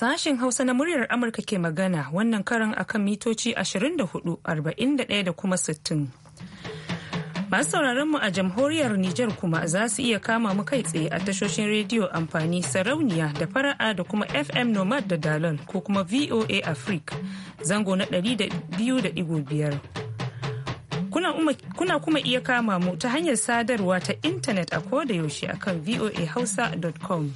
Sashen Hausa na muryar Amurka ke magana wannan karan akan mitoci 24, 41 da kuma 60. Masu sauraron mu a jamhuriyar Nijar kuma za su iya kama mu kai tsaye a tashoshin rediyo amfani sarauniya da fara'a da kuma FM Nomad da Dalol ko kuma VOA Africa zango na 200.5. kuna kuma iya kama mu ta hanyar sadarwa ta intanet a koda yaushe akan voahausa.com.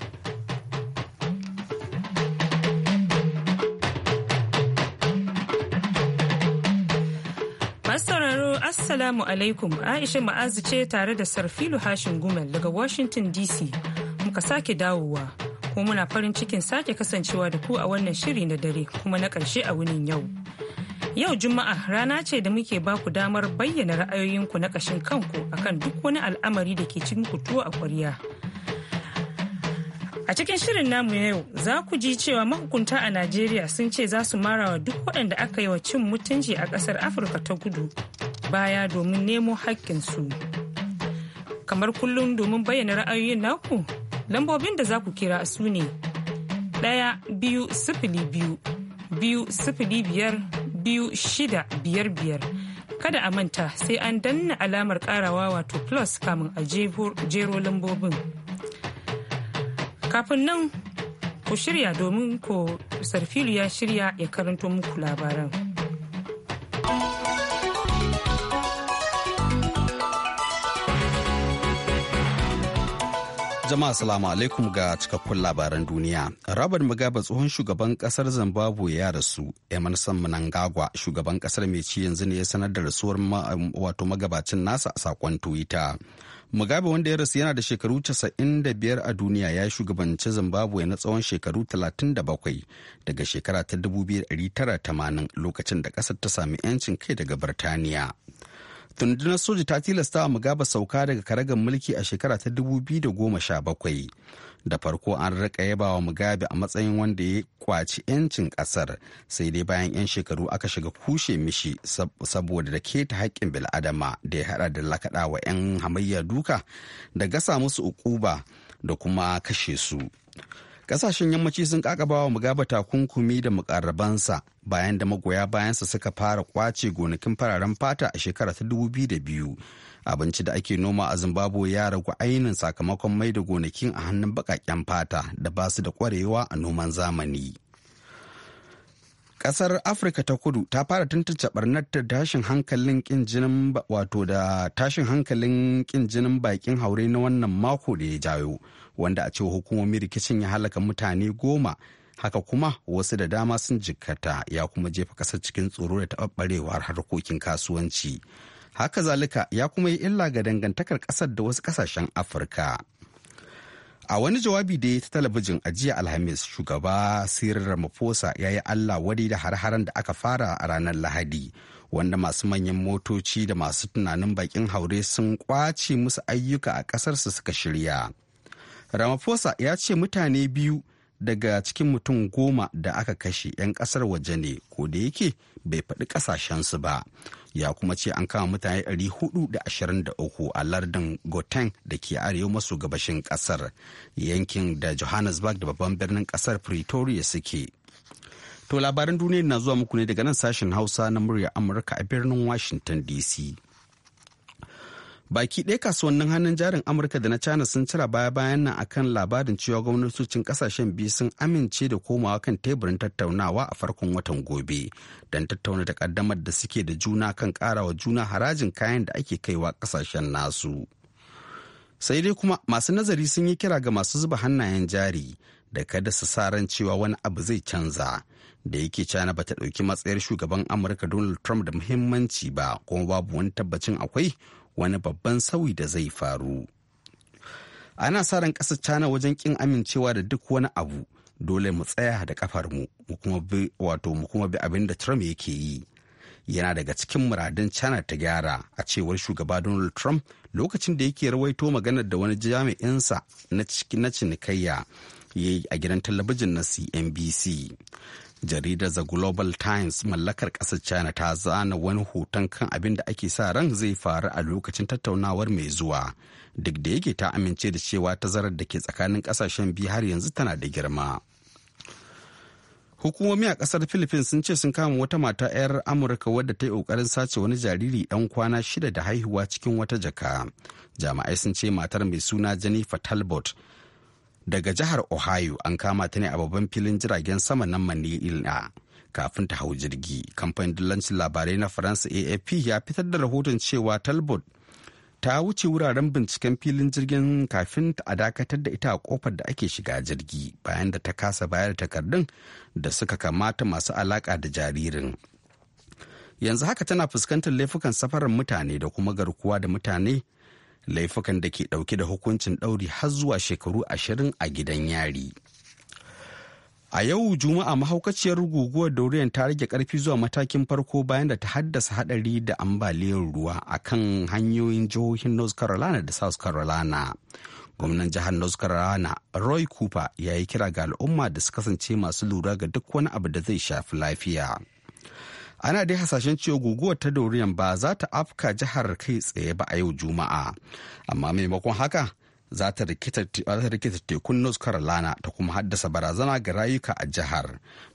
Assalamu alaikum Aisha Ma'azu ce tare da Sarfilu Hashin Gumel daga Washington DC muka sake dawowa ko muna farin cikin sake kasancewa da ku a wannan shiri na dare kuma na ƙarshe a wunin yau. Yau Juma'a rana ce da muke baku damar bayyana ra'ayoyinku na ƙashin kanku akan duk wani al'amari da ke cikin tuwo a ƙwarya. A cikin shirin namu yau za ku ji cewa mahukunta a Najeriya sun ce za su mara wa duk waɗanda aka yi wa cin mutunci a ƙasar Afirka ta kudu baya domin nemo su Kamar kullum domin bayyana ra'ayoyin naku, lambobin da za ku kira su ne ɗaya biyu sifili biyu biyu sifili biyar biyu shida biyar biyar. Kada a manta sai an danna alamar ƙarawa wato plus kamun a jero lambobin. Kafin nan ku shirya domin ko sarfilu ya shirya ya karanto muku labaran. Jama'a salamu alaikum ga cikakkun labaran duniya. Robert Mugabe tsohon shugaban kasar Zimbabwe ya rasu. Emerson Mnangagwa shugaban kasar mai ci yanzu ne ya sanar da rasuwar wato magabacin nasa a sakon Twitter. Mugabe wanda ya rasu yana da shekaru 95 a duniya ya shugabanci Zimbabwe na tsawon shekaru 37 daga shekara ta 1980 lokacin da kasar ta sami 'yancin kai daga Birtaniya. tundunar soja ta tilasta wa mugaba sauka daga karagar mulki a shekara ta 2017 da farko an raka yaba wa mugabe a matsayin wanda ya kwaci 'yancin kasar sai dai bayan 'yan shekaru aka shiga kushe mishi saboda da keta haƙƙin bil'adama da ya haɗa da lakaɗa wa 'yan hamayya duka da gasa musu ukuba da kuma kashe su Kasashen yammaci sun kakaba wa mugaba takunkumi da mukarrabansa bayan da magoya bayansa suka fara kwace gonakin fararen fata a shekara ta 2002. Abinci da ake noma a Zimbabwe ya ragu ainihin sakamakon mai da gonakin a hannun baƙaƙen fata da ba su da kwarewa a noman zamani. kasar afirka ta kudu ta fara tantance barnar ta tashin hankalin kin jinin wato da tashin hankalin kin jinin bakin haure na wannan mako da ya jawo wanda a cewa hukumomi rikicin ya halaka mutane goma haka kuma wasu da dama sun jikkata ya kuma jefa kasar cikin tsoro da taɓaɓɓarewar harkokin kasuwanci haka zalika ya kuma yi illa ga dangantakar ƙasar da wasu ƙasashen afirka a wani jawabi da ya ta talabijin a jiya alhamis shugaba sirrin ramaphosa ya yi allah wadai da har-haren da aka fara a ranar lahadi wanda masu manyan motoci da masu tunanin bakin haure sun kwace musu ayyuka a ƙasarsu suka shirya ramaphosa ya ce mutane biyu daga cikin mutum goma da aka kashe 'yan kasar waje ne ko da yake bai faɗi ƙasashensu ba ya kuma ce an kama mutane 423 a lardin goten da ke arewa maso gabashin ƙasar yankin da johannesburg da babban birnin ƙasar pretoria suke to labaran duniya na zuwa muku ne daga nan sashen hausa na murya amurka a birnin washington dc baki ɗaya kasuwannin hannun jarin amurka da na china sun cira baya bayan nan akan labarin cewa gwamnatocin kasashen biyu sun amince da komawa kan teburin tattaunawa a farkon watan gobe don tattauna kaddamar da suke da juna kan karawa juna harajin kayan da ake kaiwa kasashen nasu sai dai kuma masu nazari sun yi kira ga masu zuba hannayen jari da kada su sa ran cewa wani abu zai canza da yake china bata ɗauki matsayar shugaban amurka donald trump da muhimmanci ba kuma babu wani tabbacin akwai wani babban sauyi da zai faru ana sa ran ƙasar china wajen ƙin amincewa da duk wani abu dole mu tsaya da ƙafarmu mu wato mu kuma bi abin da trump yake yi yana daga cikin muradin china ta gyara a cewar shugaba donald trump lokacin da yake rawaito maganar da wani jami'insa na cinikayya ya yi a gidan talabijin na cnbc jaridar the global times mallakar ƙasar china ta zana wani hoton kan abin da ake sa ran zai faru a lokacin tattaunawar mai zuwa duk da yake ta amince da cewa tazarar da ke tsakanin ƙasashen biyu har yanzu tana da girma hukumomi a ƙasar philippines sun ce sun kama wata mata 'yar amurka wadda ta yi ƙoƙarin sace wani jariri ɗan kwana shida da haihuwa cikin wata jaka jami'ai sun ce matar mai suna jennifer talbot daga jihar ohio an kama ta ne a babban filin jiragen sama na manila kafin ta hau jirgi kamfanin dillancin labarai na faransa afp ya fitar da rahoton cewa talbot ta wuce wuraren binciken filin jirgin kafin a dakatar da ita a kofar da ake shiga jirgi bayan da ta kasa bayar da takardun da suka kamata masu alaka da jaririn yanzu haka tana fuskantar laifukan safarar mutane da kuma garkuwa da mutane laifukan da ke ɗauke da hukuncin ɗauri har zuwa shekaru ashirin a gidan yari. A yau Juma'a mahaukaciyar guguwar Dorian ta rage ƙarfi zuwa matakin farko bayan da ta haddasa haɗari da ambaliyar ruwa a kan hanyoyin jihohin North Carolina da South Carolina. Gwamnan jihar North Carolina Roy Cooper ya yi kira ga al'umma da su kasance masu lura ga duk wani abu da zai shafi lafiya. ana dai hasashen cewa guguwar ta doriyan ba za ta afka jihar kai tsaye ba a yau juma'a amma maimakon haka za ta rikita tekun north carolina ta kuma haddasa barazana ga rayuka a jihar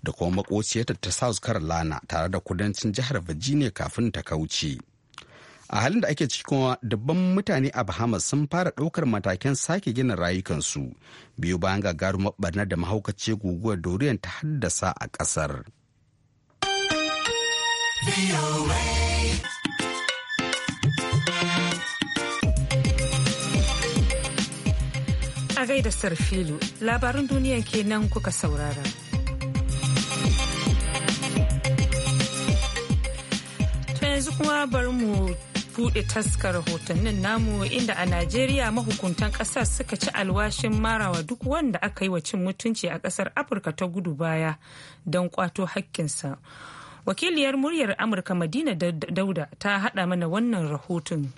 da kuma makociyarta ta south carolina tare da kudancin jihar virginia kafin ta kauce a halin da ake ciki kuma dubban mutane a bahamas sun fara ɗaukar matakan sake gina rayukansu biyu bayan gagarumar barna da mahaukaci guguwar doriyan ta haddasa a ƙasar. A gaida Sarfilu, labarin duniya kenan kuka saurara. To yanzu kuma bari mu buɗe taskar rahotannin namu inda a Najeriya mahukuntan ƙasar suka ci alwashin marawa duk wanda aka yi wa cin mutunci a ƙasar Afirka ta gudu baya don kwato hakkinsa. wakiliyar muryar amurka madina dauda ta hada mana wannan rahoton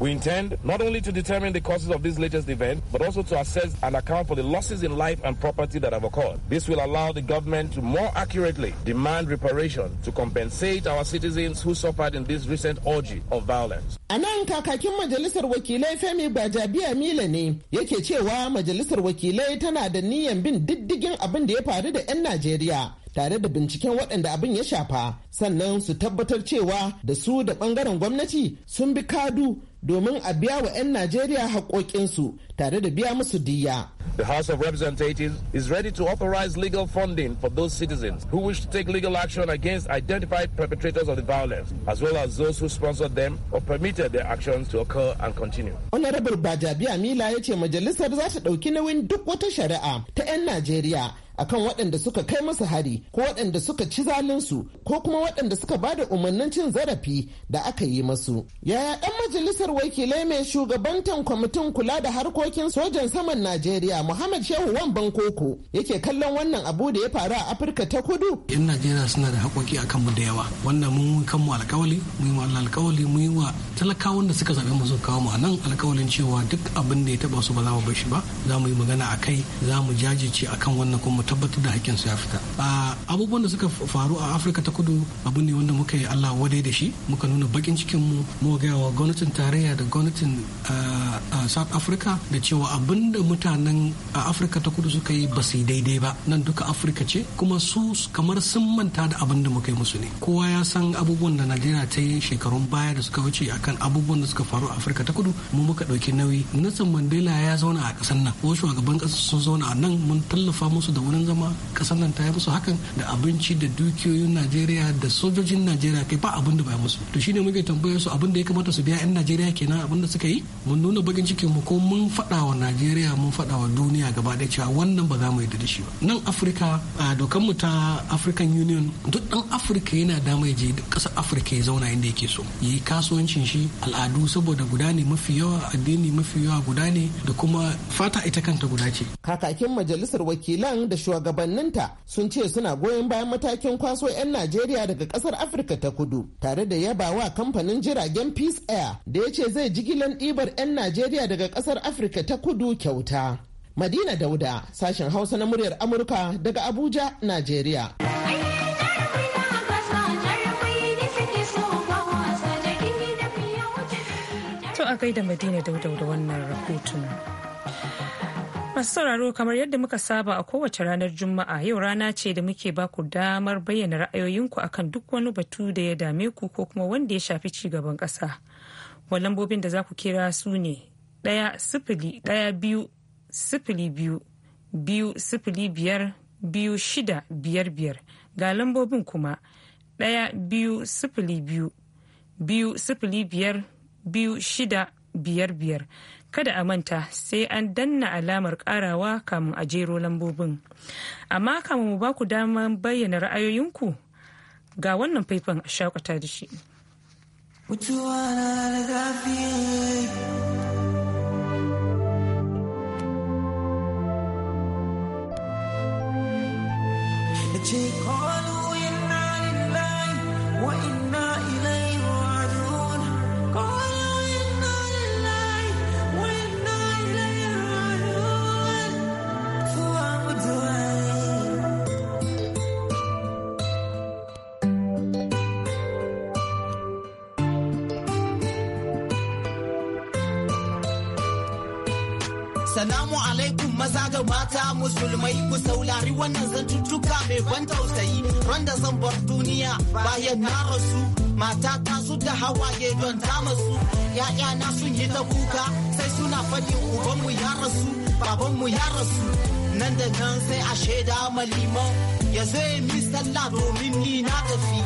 We intend not only to determine the causes of this latest event, but also to assess and account for the losses in life and property that have occurred. This will allow the government to more accurately demand reparation to compensate our citizens who suffered in this recent orgy of violence. A nan kakakin majalisar wakilai Femi Gbajabiya Mila ne yake cewa majalisar wakilai tana da niyan bin diddigin abin da ya faru da 'yan Najeriya. tare da binciken waɗanda abin ya shafa sannan su tabbatar cewa da su da ɓangaren gwamnati sun bi kadu domin a biya wa 'yan Najeriya haƙoƙinsu tare da biya musu diya. The House of Representatives is ready to authorize legal funding for those citizens who wish to take legal action against identified perpetrators of the violence, as well as those who sponsored them or permitted their actions to occur and continue. Honorable Bajabi Amila ya ce majalisar za ta ɗauki nauyin duk wata shari'a ta 'yan Najeriya akan waɗanda suka kai masa hari ko waɗanda suka ci zalinsu ko kuma waɗanda suka ba da umarnin cin zarafi da aka yi masu. Yaya ɗan majalisar wakilai mai shugabantan kwamitin kula da harkokin sojan saman Najeriya Muhammad Shehu Wan Bankoko yake kallon wannan abu da ya faru a Afirka ta Kudu. Yan Najeriya suna da haƙoƙi a kanmu da yawa wannan mun yi kanmu alƙawali mun yi wa Allah alƙawali mun yi wa talakawan da suka zaɓe mu su kawo mu a nan alƙawalin cewa duk abin da ya taɓa su ba za mu bar shi ba za mu yi magana a kai za mu jajirce kan wannan kuma tabbatar da haƙƙin su ya fita a abubuwan da suka faru a afirka ta kudu abu ne wanda muka yi allah wadai da shi muka nuna bakin cikin mu mu gaya wa gwamnatin tarayya da gwamnatin south africa da cewa abunda mutanen a afirka ta kudu suka yi ba su daidai ba nan duka afirka ce kuma su kamar sun manta da abin da muka yi musu ne kowa ya san abubuwan da najeriya ta yi shekarun baya da suka wuce akan abubuwan da suka faru a afirka ta kudu mu muka ɗauki nauyi nelson mandela ya zauna a ƙasar nan wasu shugaban ƙasa sun zauna a nan mun tallafa musu da wani wurin zama kasar nan ta yi musu hakan da abinci da dukiyoyin najeriya da sojojin najeriya kai ba abin da ba musu to shine muke tambayar su abin da ya kamata su biya yan najeriya kenan abin da suka yi mun nuna bakin cikin mu ko mun faɗa wa najeriya mun faɗa wa duniya gaba ɗaya cewa wannan ba za mu yarda da shi ba nan afirka a dokan mu ta african union duk dan afirka yana da mai je kasar afirka ya zauna inda yake so yi kasuwancin shi al'adu saboda guda ne mafi yawa addini mafi yawa guda ne da kuma fata ita kanta guda ce kakakin majalisar wakilan da shugabanninta sun ce suna goyon bayan matakin kwaso 'yan Najeriya daga kasar Afirka ta kudu tare da yabawa kamfanin jiragen Peace Air da ya ce zai jigilan ɗibar 'yan Najeriya daga kasar Afirka ta kudu kyauta. Madina Dauda, sashen Hausa na muryar Amurka daga Abuja, Najeriya. To a gaida Madina Dauda da wannan rahoton. Masu sauraro kamar yadda muka saba a kowace ranar Juma'a yau rana ce da muke ba ku damar bayyana ra'ayoyinku kan duk wani batu da ya dame ku ko kuma wanda ya shafi ci gaban ƙasa. Wa lambobin da za ku kira su ne ɗaya sifili ɗaya biyu sifili biyu biyu sifili biyar biyu shida biyar biyar ga lambobin kuma ɗaya biyu sifili biyu biyu sifili biyar biyu shida biyar biyar kada a manta sai an danna alamar karawa kamun a jero lambobin amma kamun mu baku daman bayyana ra'ayoyinku ga wannan faifan a shakata da shi Take all in nine, line, what in Salamu alaikum maza ga mata musulmai ku saulari wannan zantuttuka mai ban tausayi randa zan bar duniya bayan na rasu mata ta su da hawaye don ta masu ya'ya na sun yi ta kuka sai suna faɗin ubanmu ya rasu babanmu ya rasu nan da nan sai a shaida ma ya zo yi mi domin ni na tafi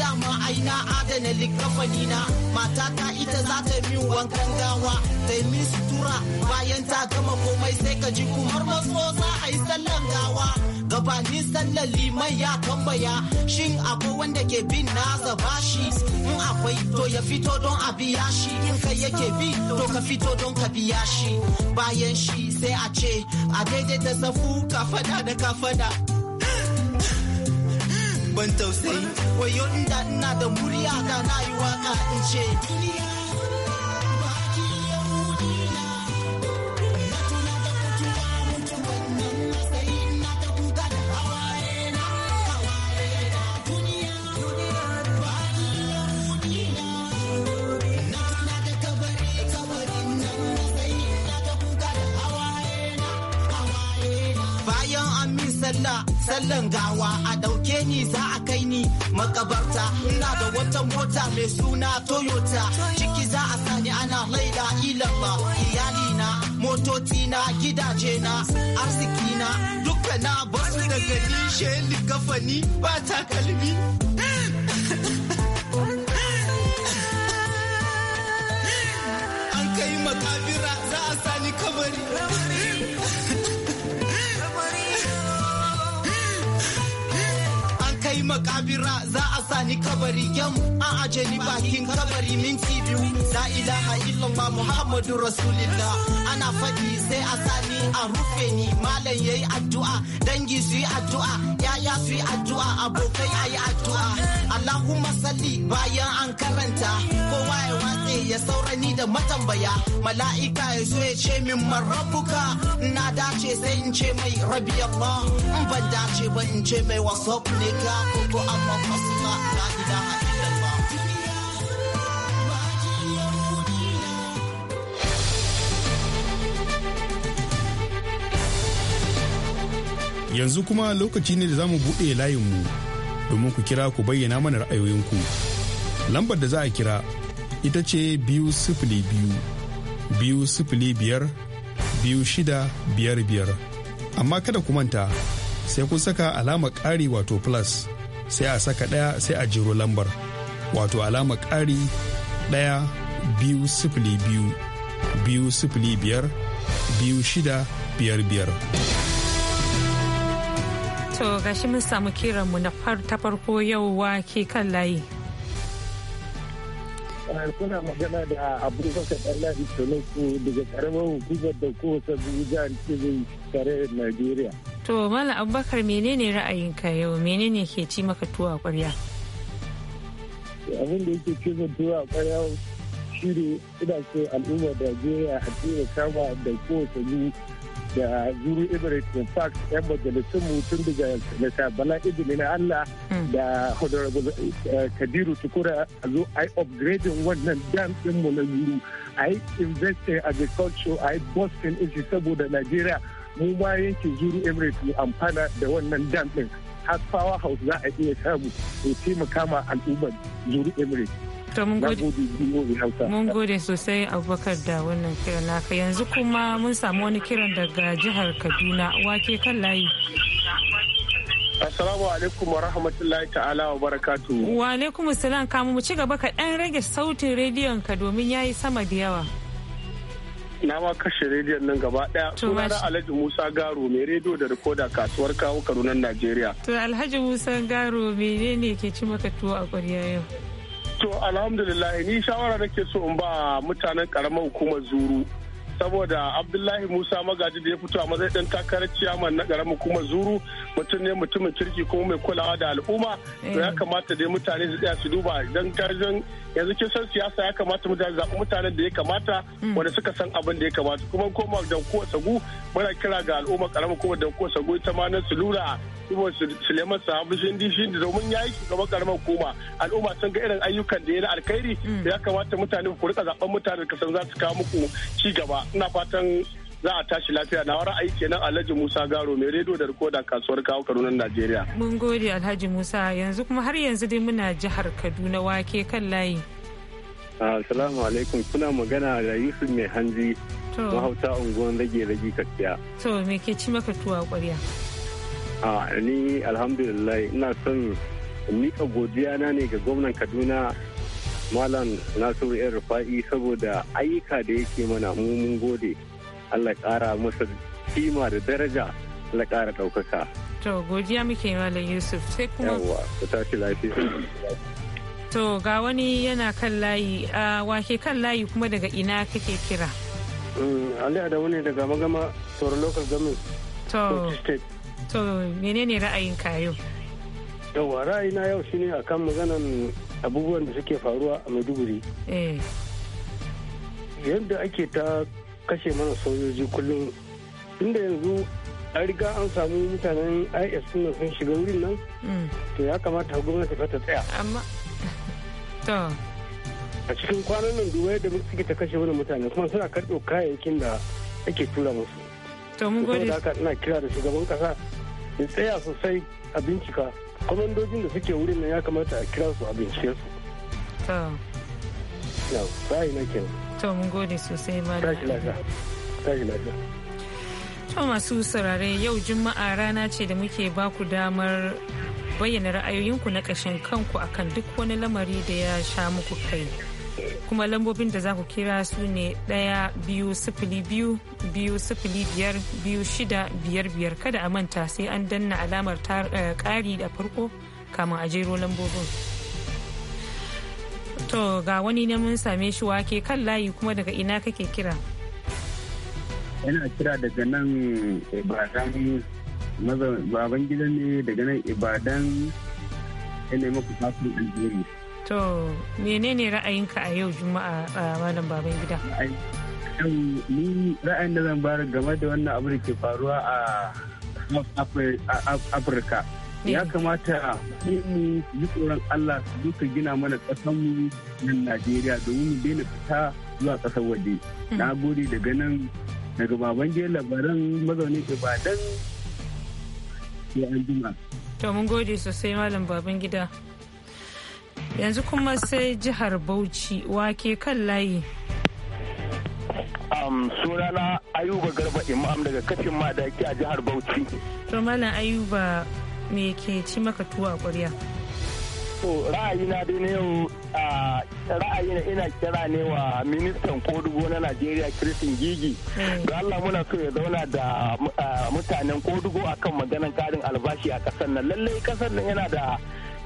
dama aina adana likafani na matata ita za ta min wankan gawa ta yi min sutura bayan ta gama komai sai ka ji kumar maso za a yi sallan gawa gabanin sallan liman ya tambaya shin akwai wanda ke bin na zaba shi. in akwai to ya fito don a biya shi in kai yake bi to ka fito don ka biya shi bayan shi sai a ce a daidai da safu ka da ka ban tausayi wayo inda ina da murya da rayuwa ka in ce duniya sallan gawa a ɗauke ni za a kai ni makabarta ina da wata mota mai suna toyota ciki za a sani ana laida ilan ba iyalina na gidajena na duka na basu daga nishe kafani ba takalmi kai makabira za a sani kabari yam a aje ni bakin kabari minti biyu la ilaha illallah muhammadu rasulillah ana faɗi sai a sani a rufe ni malam yayi addu'a dangi su yi addu'a yaya su yi addu'a abokai ayi addu'a allahumma salli bayan an karanta kowa ya watse ya saurani da matambaya mala'ika ya zo ya ce min marabuka na dace sai in ce mai rabi yamma in ban dace ba in ce mai wasap ne ka amma Yanzu kuma lokaci ne da za mu buɗe layinmu domin ku kira ku bayyana mana ra'ayoyinku. Lambar da za a kira ita ce biyu sifili biyu biyu sifili biyar biyu shida biyar biyar amma kada ku manta sai kun saka alama ƙari wato plus sai a saka ɗaya sai a jiro lambar wato alama ƙari ɗaya biyu sifili biyu biyu sifili biyar biyu shida biyar biyar. To gashi mun samu mu na ta farko yau wa ke kan layi. Eh, kuna magana da abubakar ɗanladi toloku daga karamar hukumar da kowace jihar kebbi tare da najeriya To Malam Abubakar menene ra'ayinka yau menene ke ci maka tuwa kwarya? Abin da yake ci tuwa kwarya shi ne ina so al'ummar da Najeriya a cikin kama da kowace ni da Zuru Emirates in fact yan majalisun mutum daga Nasa Bala Ibn na Allah hmm. da Honorable eh, Kadiru Tukura a zo ai upgrading wannan dam din mu na Zuru ai investing agriculture ai Boston ishi saboda Najeriya mu ba yankin juri emirates mu amfana da wannan dam din har power house za a iya samu ya taimaka ma al'ummar zuru emirates to mun gode sosai abubakar da wannan kiran naka yanzu kuma mun samu wani kiran daga jihar kaduna wake kan layi Assalamu alaikum wa rahmatullahi ta'ala wa barakatuhu. Wa alaikum salam kamu mu ci gaba ka dan rage sautin rediyon ka domin yayi sama da yawa. na ma kashe rediyon nan gaba daya suna da alhaji musa garo mai rediyo da rikoda kasuwar kawo nan najeriya to alhaji musa garo ne ke ci maka tuwo a kwarya yau to alhamdulillah ni shawara nake so in ba mutanen karamar hukumar zuru saboda abdullahi musa magaji da ya fito a matsayin dan takarar ciyaman na karamin kuma zuru mutum ne mutumin kirki kuma mai kulawa da al'umma to ya eh. kamata dai mutane su tsaya su duba idan garjan yanzu kin san siyasa ya kamata mutane zaɓi mutanen da ya kamata hmm. wanda suka san abin da ya kamata kuma koma da ko sagu muna kira ga al'umma karamin kuma da ko sagu ita ma na su lura Ibo Suleiman Sahabu Shindi shi domin ya yi shugaban karamar hukuma al'umma sun ga irin ayyukan da ya na alkhairi mm. ya kamata mutane ku rika zaben mutane ka san za su kawo muku ci gaba ina fatan za a tashi lafiya na aiki kenan Alhaji Musa Garo mai rediyo da rikoda kasuwar kawo Kaduna Najeriya. Mun gode Alhaji Musa yanzu kuma har yanzu dai muna jihar Kaduna wake kan layi. Assalamu alaikum kuna magana da Yusuf mai hanji mahauta unguwan rage rage kakkiya. To me ke ci maka tuwa kwarya? a ni alhamdulillah ina son nika godiya na ne ga gwamnan kaduna malam nasiru yan rufa'i saboda ayyuka da yake mana mu mun gode allah kara masa kima da daraja allah kara ɗaukaka to godiya muke malam yusuf sai kuma yawa ku tashi lafiya to ga wani yana kan layi a wake kan layi kuma daga ina kake kira mm, ali adamu ne daga magama tsoron local government to state to menene ra'ayinka yau yawa ra'ayina yau shine akan maganan abubuwan da suke faruwa a maiduguri eh. yadda ake ta kashe mana sojoji kullum inda yanzu an riga an samu mutanen is suna sun shiga wurin nan mm. to ya kamata gwamnati ta tsaya amma to a cikin kwanan nan duba da suke ta kashe wani mutane kuma suna karɓo kayayyakin da ake tura musu to mun gode da haka ina kira da shugaban kasa ya tsaya sosai a bincika kwamandojin da suke wurin nan ya kamata a kira su a bincike su to gode sosai ma masu saurare yau juma'a rana ce da muke baku damar bayyana ra'ayoyinku na ƙashin kanku akan duk wani lamari da ya sha muku kai kuma lambobin da za ku kira su ne ɗaya biyu sifili biyu biyu sifili biyu shida biyar biyar kada a manta sai an danna alamar kari eh, da farko kamun a jero lambobin to ga wani ne mun same shi wake kan layi kuma daga ina kake kira yana kira daga nan ibadan baban gida ne daga nan ibadan yana maku fasin algeria To menene ra'ayinka a yau Juma'a a Malam Baban Gida? ni ra'ayin da zan bayar game da wannan abu da ke faruwa a Afirka. Eh. Ya kamata mu yi tsoron Allah su duka gina mana ƙasanmu nan Najeriya domin mu daina fita zuwa ƙasar waje. Hmm. Na gode daga nan daga baban gida labaran mazaunin Ibadan ya an To mun gode sosai Malam Baban Gida. yanzu kuma sai jihar bauchi wake kan layi um, sunana ayuba garba imam daga kafin madaki a jihar bauchi to ayuba me ke ci maka tuwa kwarya to na dai na yau na ina kira ne wa ministan kodugo na najeriya kristin gigi ga eh. allah muna so ya zauna da mutanen kodugo akan maganan karin albashi a kasar nan lallai kasar nan yana da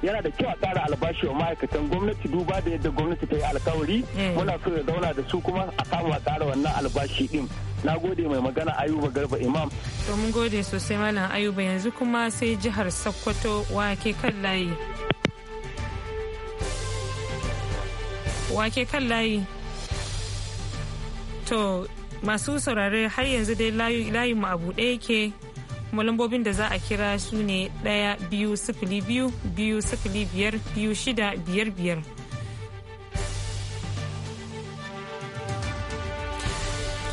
yana da kyau a tsara albashi wa ma'aikatan gwamnati duba da yadda gwamnati ta yi alkawari mm. muna so ya zauna da su kuma a samu a tsara wannan albashi din na gode mai magana ayuba garba imam to mun gode sosai malam ayuba yanzu kuma sai jihar sokoto wake kan layi wake kan layi to masu saurare har yanzu dai layin mu a buɗe yake kuma lambobin da za a kira su ne ɗaya biyu sifili biyu biyu sifili biyar biyu shida biyar biyar.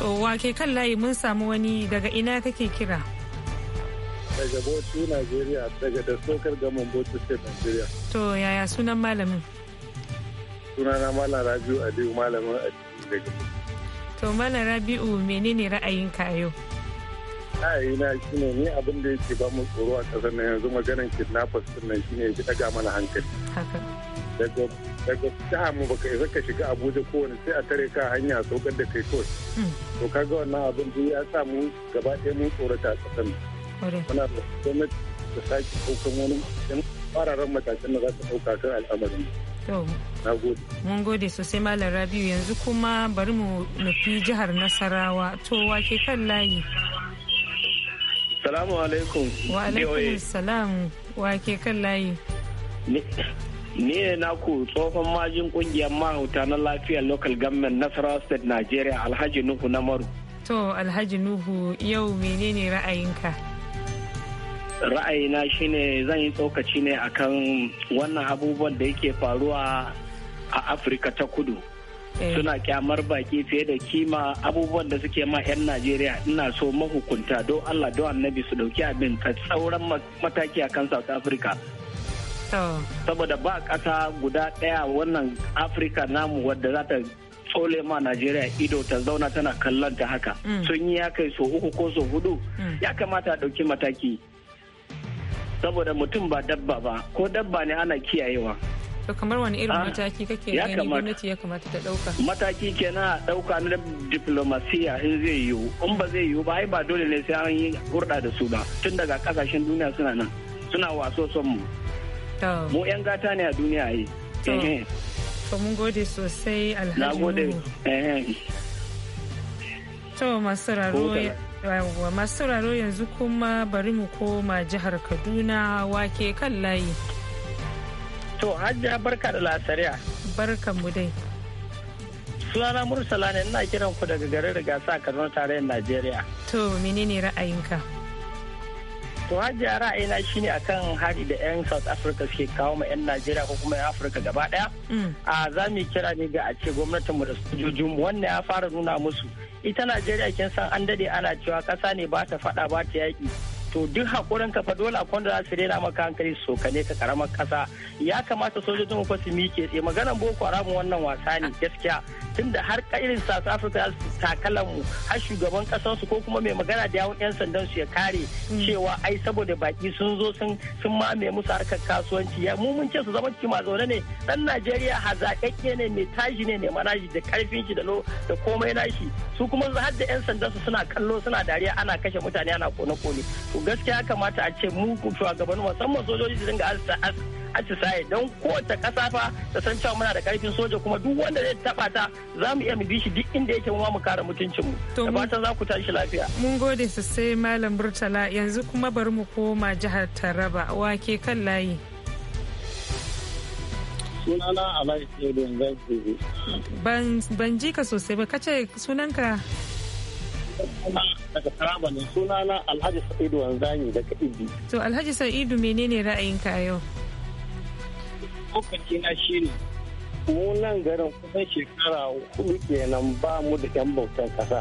To ke kan layi mun samu wani daga ina kake kira? Daga Bauchi, Najeriya, daga da sokar gaman Bauchi State, nigeria. To yaya sunan malamin? Sunana Malam Rabiu Aliyu malamin a daga To Malam Rabiu menene ra'ayinka a yau? ra'ayina ne ni abin da yake ba mu tsoro a ƙasar nan yanzu maganar kidnappers din nan ne ya daga mana hankali daga daga ta mu baka isa ka shiga Abuja kowane sai a tare ka hanya saukar da kai kawai hmm. to kaga wannan abin da ya sa mu gaba ɗaya mun tsorata a ƙasar nan muna da gwamnati da sake ɗaukan wani fararen matakan da za ta ɗauka kan al'amarin mun gode sosai Malam Rabiu yanzu kuma bari mu nufi jihar Nasarawa. To, wake kan layi. Salamu alaikum. Wa alaikum salam wa ke kan layi. Ni ne naku tsohon majin kungiyar mahauta na lafiyar local government Nasarawa State Nigeria Alhaji Nuhu na Maru. To Alhaji Nuhu yau menene ra'ayinka? Ra'ayina shine zan yi tsokaci ne akan wannan abubuwan da yake faruwa a Afirka ta kudu. Eh. suna kyamar baki fiye da kima abubuwan da suke ma 'yan najeriya ina so mahukunta don allah don annabi su dauki abin ka tsauran mataki a kan south africa saboda ba ƙasa guda ɗaya wannan afirka namu wadda za ta tsole ma Najeriya ido ta zauna tana kallon ta haka. Mm. Sun yi ya kai so uku ko so hudu mm. ya kamata a ɗauki mataki. Saboda mutum ba dabba ba, ko dabba ne ana kiyayewa. to kamar wani irin ah, mataki kake gani gwamnati ya kamata ta dauka mataki kenan a dauka na diplomasiya in zai yiwu in ba zai yiwu ba ai ba dole ne sai an yi hurɗa da su ba tun daga kasashen duniya suna nan suna waso son mu mu yan gata ne a duniya yi to mun gode sosai alhaji to masu raro masu raro yanzu kuma bari mu koma jihar kaduna wake kan layi To hajja barka da lasariya. Barkan mu dai. Sunana Mursala ne ina kiran ku daga garin Rigasa Kaduna tarayyar Najeriya. To menene ra'ayinka? To hajja ra'ayina shine akan hari da 'yan South Africa suke kawo ma 'yan Najeriya ko kuma 'yan Afirka gaba daya. Mm. A za mu kira ne ga a ce gwamnatin mu da mu wannan ya fara nuna musu. Ita Najeriya kin san an dade ana cewa ƙasa ne ba ta faɗa ba ta yaƙi. to duk hakurin ka fa dole akwai da za su rera maka hankali su ne ka karamar kasa ya kamata sojojin mu fa su mike tse maganan boko haram wannan wasa ne gaskiya tunda har irin afirka Africa su takalan mu har shugaban kasarsu su ko kuma mai magana da yawun yan sandan su ya kare mm. cewa ai saboda baki sun zo sun sun mame musu harkar kasuwanci ya mu mun ce su zama kima zaune ne dan Najeriya hazaƙaƙƙe ne mai tashi ne mai manaji da karfin shi da da komai nashi su kuma har da yan sandan su suna kallo suna dariya ana kashe mutane ana kone kone to gaskiya kamata a ce mu shugabanni musamman sojoji su dinga atisaye don kowace kasafa fa ta san cewa muna da karfin soja kuma duk wanda zai taba ta za mu iya mu bi shi duk inda yake mu kare mutuncin mu da fatan za ku tashi lafiya mun gode sosai malam burtala yanzu kuma bari mu koma jihar taraba wake kan layi sunana alhaji ban ji ka sosai ba kace sunanka daga Taraba ne sunana Alhaji Sa'idu Wanzani daga Ibi. To Alhaji Sa'idu menene ka yau? Kokanci na shine mu nan garin kusan shekara hudu kenan ba mu da yan bautan kasa.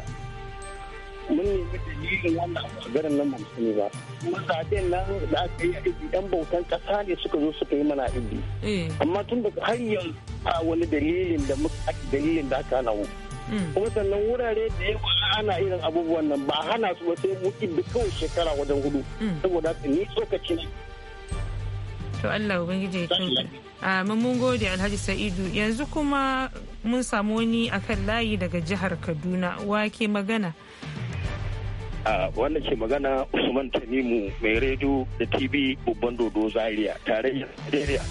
Mun ne da dalilin wannan garin nan mun sani ba. Mutaden nan da aka yi Ibi yan bautan kasa ne suka zo suka yi mana Ibi. Eh. Amma tun daga har yanzu a wani dalilin da muka dalilin da aka nawo mu. Mm. kuma sannan wurare da yawa ana irin abubuwan nan ba hana su ba sai mu da kawai shekara wajen hudu mm. saboda ni tsokaci ne to Allah ubangiji ya kyauta amma mun gode Alhaji Sa'idu yanzu kuma mun samu wani akan layi daga jihar Kaduna wake magana a wanda ke magana Usman tanimu mai rediyo da TV babban dodo Zaria tare Nigeria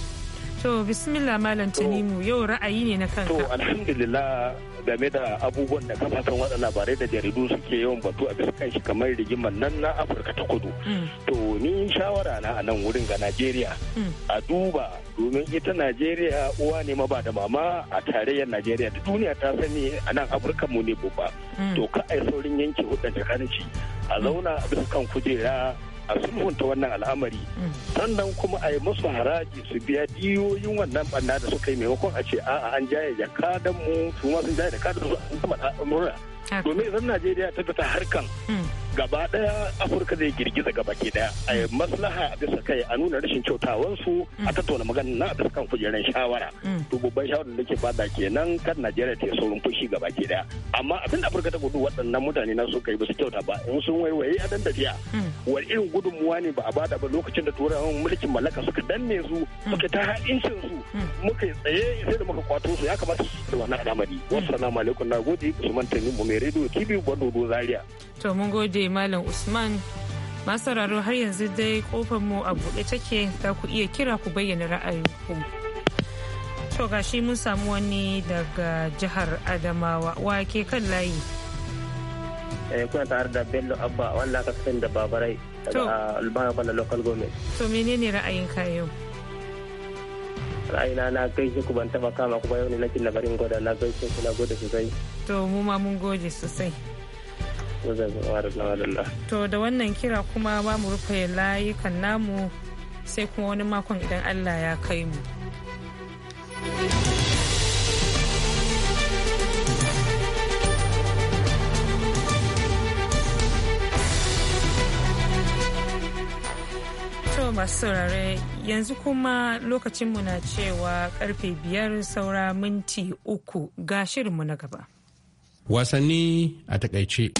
to bismillah malam tanimu yau ra'ayi ne na kanka to alhamdulillah game da abubuwan da kafafen watsa labarai da jaridu suke yawan batu a bisa kanshi kamar rigimar nan na afirka ta kudu mm. to ni shawara na a nan wurin ga najeriya mm. a duba domin ita najeriya uwa ne ma ba da mama a tarayyar najeriya da duniya ta sani a nan afirka mu ne babba mm. to ka ai saurin yanke hudun da a zauna a bisa kan kujera a sulhunta wannan al'amari sannan kuma a yi musu haraji su biya diyoyin wannan banna da suka yi maimakon a ce a'a an jaye jakadan mu su ma sun jaye jakadan su an zama al'amura domin idan najeriya ta fita harkan hmm. gaba daya afirka zai girgiza gaba ke daya a mm. maslaha a bisa kai a nuna rashin kyautawansu a mm. tattauna magana na a bisa kan kujerar shawara mm. to babban shawarar da ke bada kenan kan najeriya ta saurin fushi gaba ke daya amma abin da afirka ta gudu waɗannan mutane na su kai ba su kyauta ba in sun waiwaye a dan tafiya wani irin gudunmuwa ne ba a bada ba lokacin da turawan mulkin mallaka suka danne su suka ta haɗincin su muka tsaye sai da muka kwato su ya kamata su da wani al'amari wassalamu alaikum na gode usman mu mai rediyo kibi gwando zaria to mun gode malam usman masu har yanzu dai kofar mu a buɗe take za ku iya kira ku bayyana ra'ayinku to gashi mun samu wani daga jihar adamawa wake kan layi eh, kuna tare da bello abba wanda aka fi da babarai daga albana bana local government to menene ra'ayin ka yau ra'ayina na gaishe ku ban taba kama ku ba yau ne nake labarin gwada na gaishe ku na gode sosai to mu ma mun gode sosai to da wannan kira kuma ba mu rufe layukan namu sai kuma wani makon idan allah ya kai mu masu saurare yanzu kuma lokacinmu na cewa karfe biyar saura minti uku ga shirinmu na gaba. wasanni a takaice.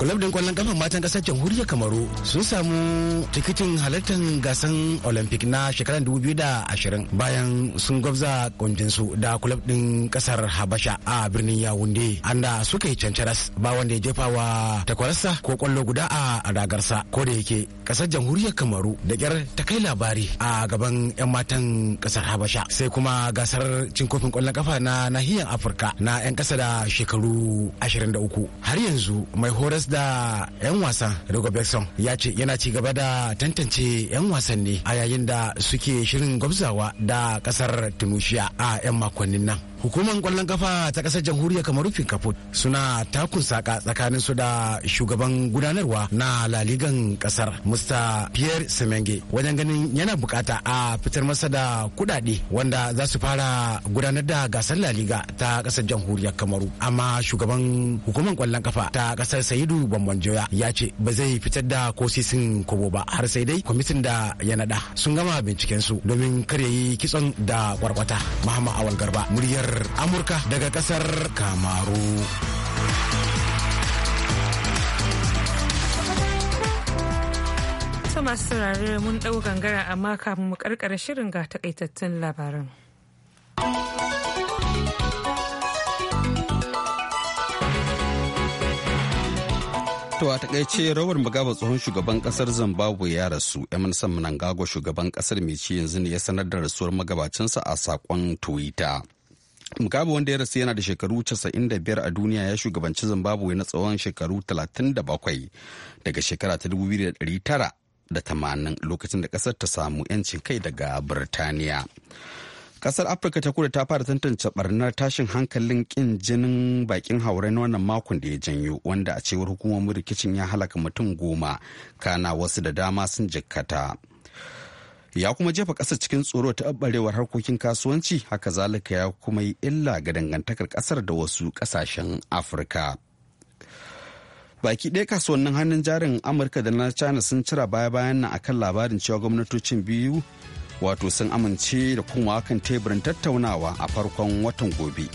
kulab din kwallon kafan matan kasar jamhuriyar kamaru sun samu tikitin halartar gasan olympic na shekarar 2020 bayan sun gwabza kundinsu da kulab din kasar habasha a birnin yawunde anda suka yi cancaras ba wanda ya jefa wa takwararsa ko kwallo guda a ragarsa ko da yake kasar jamhuriyar kamaru da kyar ta kai labari a gaban 'yan matan kasar habasha sai kuma gasar cin kofin kwallon kafa na nahiyar afirka na 'yan kasa da shekaru 23 har yanzu mai horas da 'yan wasa Rigo ya ce yana ci gaba da tantance 'yan wasanni a yayin da suke shirin gwabzawa da kasar Tunisia a 'yan makonnin nan. hukumar kwallon kafa ta kasar jamhuriyar kamaru kafut suna takun saka tsakanin su da shugaban gudanarwa na laligan kasar mr pierre semenge wajen ganin yana bukata a fitar masa da kudade wanda za su fara gudanar da gasar laliga ta kasar jamhuriyar kamaru amma shugaban hukumar kwallon kafa ta kasar saidu bambanjoya ya ce ba zai fitar da kosisin kobo ba har sai dai kwamitin da ya nada sun gama binciken su domin kar yi kitson da kwarkwata muhammad awal garba muryar amurka daga kasar kamaru masu saurare mun ɗau gangara amma kafin mu karkara shirin ga takaitattun labaran. To a takaice rawar mugaba tsohon shugaban kasar Zimbabwe ya rasu Emerson Mnangagwa shugaban kasar mai ci yanzu ne ya sanar da rasuwar magabacinsa a sakon Twitter. Mugabe wanda ya rasu yana da shekaru 95 a duniya ya shugabanci Zimbabwe na tsawon shekaru 37 daga shekara ta da 1980 lokacin da kasar ta samu 'yancin kai daga Birtaniya. Kasar Afirka ta kudu ta fara tantance barnar tashin hankalin kin jinin bakin haure na wannan makon da ya janyo wanda a cewar hukumomin rikicin ya halaka mutum goma kana wasu da dama sun jikkata. ya kuma jefa ƙasar cikin tsoro ta ɓarewar harkokin kasuwanci haka zalika ya kuma yi illa ga dangantakar ƙasar da wasu ƙasashen afirka baki ɗaya kasuwannin hannun jarin amurka da na china sun cira baya-bayan nan akan labarin cewa gwamnatocin biyu wato sun amince da kuma kan teburin tattaunawa a farkon watan gobe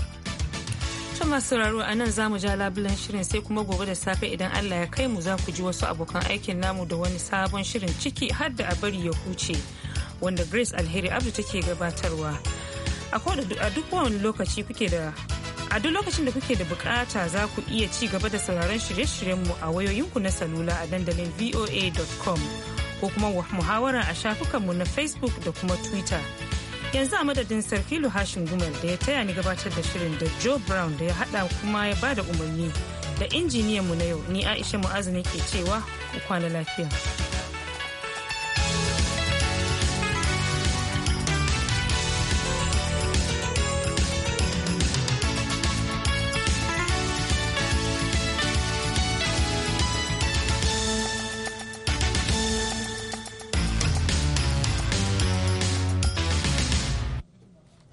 To masu sauraro a nan zamu ja labulan shirin sai kuma gobe da safe idan Allah ya kai mu za ku ji wasu abokan aikin namu da wani sabon shirin ciki har da a bari ya huce wanda Grace Alheri Abdu take gabatarwa. A duk wani lokaci kuke da a duk lokacin da kuke da bukata za ku iya ci gaba da sauraron shirye-shiryenmu a wayoyinku na salula a dandalin voa.com ko kuma muhawara a shafukanmu na facebook da kuma twitter. yanzu a madadin sarfilu hashin gumal da ya taya ni gabatar da shirin da joe brown da ya hada kuma ya bada umarni da injiniyanmu na yau ni aisha mu'azu ne ke cewa ku kwana lafiya